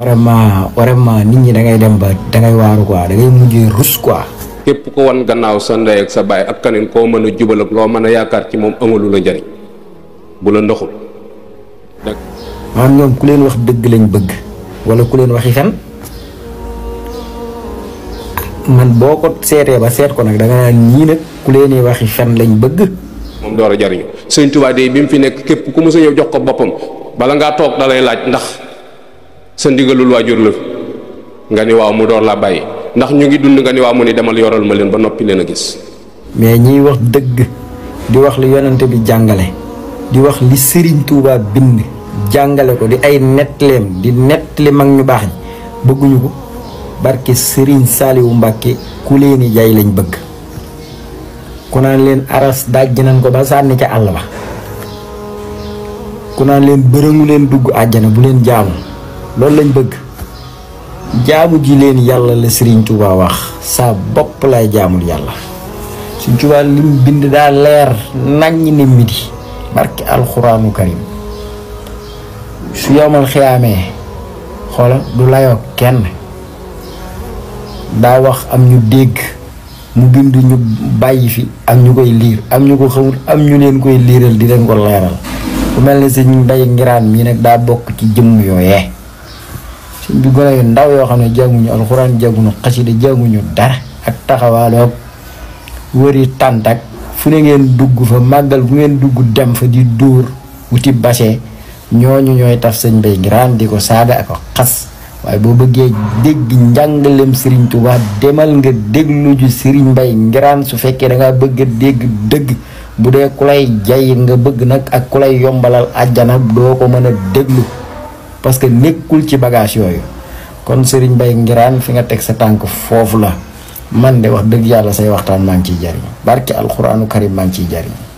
vraiment vraiment nit ñi dangay dem ba da ngay waaru quoi da ngay rus quoi. képp ko wan gannaaw sa ndey ak sa baay ak kaneen koo mën a jubal ak loo mën a yaakaar ci moom amalu la njëriñ bu la ndoxul. ku leen wax dëgg lañ bëgg wala ku leen waxi fen man boo ko seetee ba seet ko nag danga nga naan ñii nag ku leen waxi fen lañ bëgg. moom door a jariñu sëñ Tuubaa bi mu fi nekk képp ku mës a ñëw jox ko boppam bala ngaa toog da laaj ndax. sa ndigalul wajur la nga ni waaw mu door la bàyyi ndax ñu ngi dund nga ni waaw mu ni demal yoral ma leen ba noppi leen a gis mais ñi wax dëgg di wax li yonante bi jàngale di wax li serigne touba bind jàngale ko di ay netlem di nettli mag ñu baax ñi bëgguñu ko barke serigne saaliwu mbàkke ku leeni jay lañ bëgg ku naan leen aras dajj nañ ko ba sànni ca àll ba ku naan leen bërëngu leen dugg àjjana bu leen jaamu loolu lañ bëgg jaamu ji leen yàlla la Serigne Touba wax sa bopp laay jaamul yàlla Serigne Touba lim bind daa leer naññ ne midi barki alxuraanu karim su yomal xiyaamee xoola du layoo kenn daa wax am ñu dégg mu bind ñu bàyyi fi am ñu koy liir am ñu ko xamul am ñu leen koy liiral di leen ko leeral ku mel ne ñu Mbaye Ngiraan mii nag daa bokk ci jëmm yooyee sëñ bi gone yu ndaw yoo xam ne jànguñu alxuraan jànguñu xasida jànguñu dara ak taxawaaloog wëri tàntak fu ne ngeen dugg fa màggal gu ngeen dugg dem fa di dóor wuti base ñooñu ñooy taf sëñ bay ngiraan di ko saaga ak xas waaye boo bëggee dégg njàngalem sëriñ Tuubaa demal nga déglu ju sëriñ Mbay Ngiraan su fekkee da ngaa bëgg a dégg dëgg bu dee ku lay jay nga bëgg nag ak ku lay yombalal àjjana doo ko mën a déglu parce que nekkul ci bagage yooyu kon Serigne Mbaye Nguirane fi nga teg sa tànk foofu la man de wax dëgg yàlla say waxtaan maa ngi ciy jariñ barke alxuraanu karim maa ngi ciy jariñ